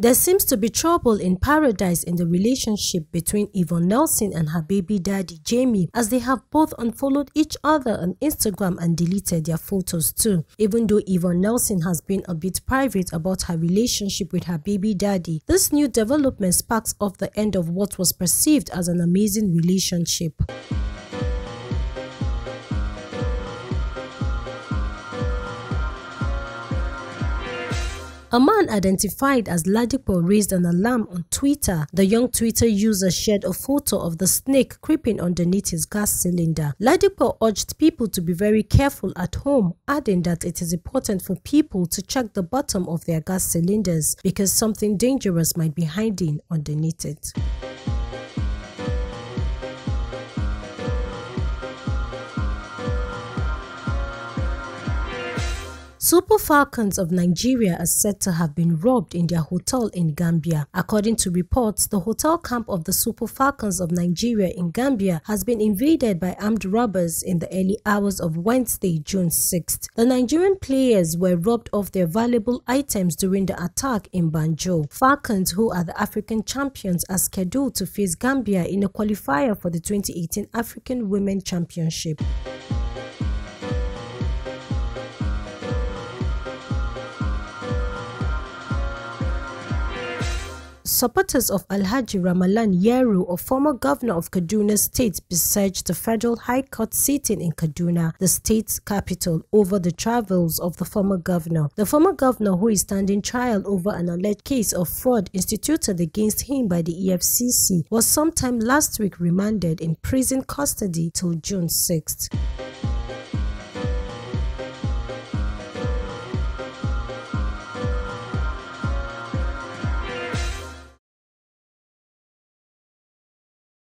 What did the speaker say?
There seems to be trouble in paradise in the relationship between Yvonne Nelson and her baby daddy Jamie as they have both unfollowed each other on Instagram and deleted their photos too. Even though Yvonne Nelson has been a bit private about her relationship with her baby daddy, this new development sparks off the end of what was perceived as an amazing relationship. A man identified as Ladipo raised an alarm on Twitter. The young Twitter user shared a photo of the snake creeping underneath his gas cylinder. Ladipo urged people to be very careful at home, adding that it is important for people to check the bottom of their gas cylinders because something dangerous might be hiding underneath it. Super Falcons of Nigeria are said to have been robbed in their hotel in Gambia. According to reports, the hotel camp of the Super Falcons of Nigeria in Gambia has been invaded by armed robbers in the early hours of Wednesday, June 6. The Nigerian players were robbed of their valuable items during the attack in Banjo. Falcons, who are the African champions, are scheduled to face Gambia in a qualifier for the 2018 African Women Championship. Supporters of Alhaji Ramalan Yeru, a former governor of Kaduna State, besieged the Federal High Court sitting in Kaduna, the state's capital, over the travels of the former governor. The former governor, who is standing trial over an alleged case of fraud instituted against him by the EFCC, was sometime last week remanded in prison custody till June 6.